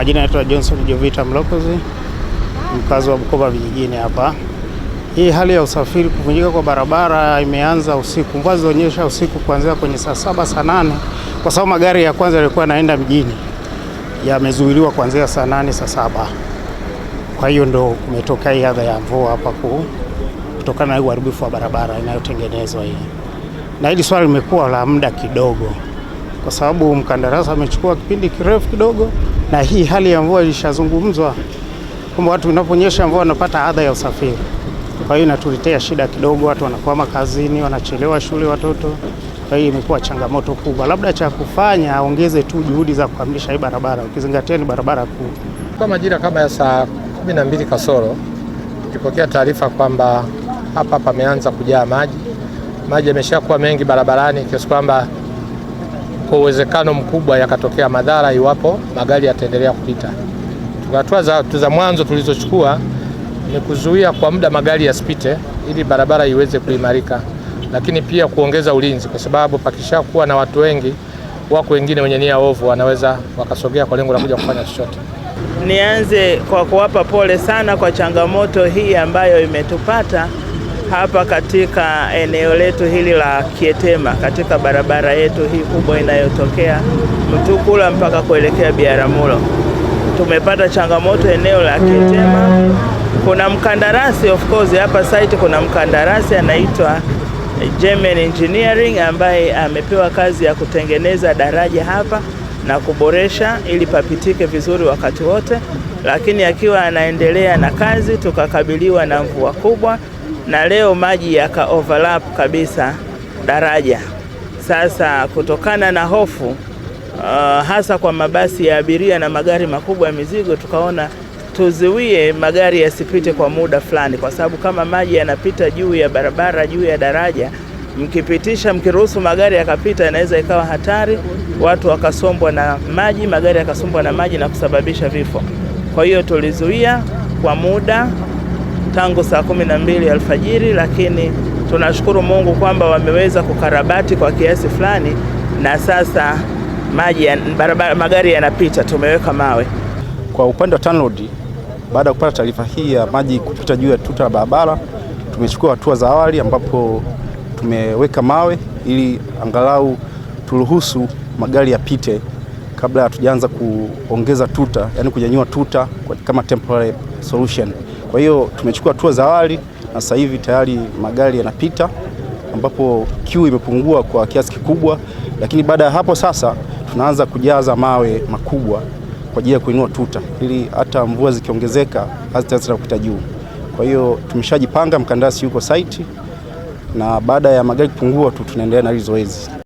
majina yetu Johnson Jovita Mlokozi, mkazi wa Bukoba vijijini hapa. Hii hali ya usafiri kuvunjika kwa barabara imeanza usiku, mvua zilionyesha usiku kuanzia kwenye saa saba saa nane kwa sababu magari ya kwanza yalikuwa yanaenda mjini yamezuiliwa kuanzia saa nane saa saba kwa hiyo ndo kumetokea hii adha ya mvua hapa ku kutokana na uharibifu wa barabara inayotengenezwa hii, na hili swali limekuwa la muda kidogo kwa sababu mkandarasi amechukua kipindi kirefu kidogo, na hii hali ya mvua ilishazungumzwa kwamba watu inaponyesha mvua wanapata adha ya usafiri. Kwa hiyo inatuletea shida kidogo, watu wanakwama kazini, wanachelewa shule watoto. Kwa hiyo imekuwa changamoto kubwa. Labda cha kufanya aongeze tu juhudi za kukamilisha hii barabara, ukizingatia ni barabara kuu. Kwa majira kama ya saa kumi na mbili kasoro tulipokea taarifa kwamba hapa pameanza kujaa maji, maji yameshakuwa mengi barabarani kiasi kwamba kwa uwezekano mkubwa yakatokea madhara iwapo magari yataendelea kupita. Hatua za, za mwanzo tulizochukua ni kuzuia kwa muda magari yasipite ili barabara iweze kuimarika, lakini pia kuongeza ulinzi, kwa sababu pakisha kuwa na watu wengi, wako wengine wenye nia ovu wanaweza wakasogea kwa lengo la kuja kufanya chochote. Nianze kwa kuwapa pole sana kwa changamoto hii ambayo imetupata hapa katika eneo letu hili la Kietema, katika barabara yetu hii kubwa inayotokea Mtukula mpaka kuelekea Biaramulo. Tumepata changamoto eneo la Kietema, kuna mkandarasi of course, hapa site kuna mkandarasi anaitwa German Engineering ambaye amepewa kazi ya kutengeneza daraja hapa na kuboresha ili papitike vizuri wakati wote, lakini akiwa anaendelea na kazi tukakabiliwa na mvua kubwa na leo maji yaka overlap kabisa daraja. Sasa kutokana na hofu uh, hasa kwa mabasi ya abiria na magari makubwa ya mizigo, tukaona tuzuie magari yasipite kwa muda fulani, kwa sababu kama maji yanapita juu ya barabara, juu ya daraja, mkipitisha, mkiruhusu magari yakapita, inaweza ikawa hatari, watu wakasombwa na maji, magari yakasombwa na maji na kusababisha vifo. Kwa hiyo tulizuia kwa muda tangu saa kumi na mbili alfajiri, lakini tunashukuru Mungu kwamba wameweza kukarabati kwa kiasi fulani, na sasa maji ya barabara, magari yanapita, tumeweka mawe. Kwa upande wa TANROADS, baada ya kupata taarifa hii ya maji kupita juu ya tuta la barabara, tumechukua hatua za awali ambapo tumeweka mawe ili angalau turuhusu magari yapite kabla hatujaanza kuongeza tuta, yani kunyanyua tuta kama temporary solution. Kwa hiyo tumechukua hatua za awali na sasa hivi tayari magari yanapita, ambapo kiu imepungua kwa kiasi kikubwa, lakini baada ya hapo sasa tunaanza kujaza mawe makubwa kwa ajili ya kuinua tuta ili hata mvua zikiongezeka hazitaweza kupita juu. Kwa hiyo tumeshajipanga, mkandarasi yuko site, na baada ya magari kupungua tu tunaendelea na hili zoezi.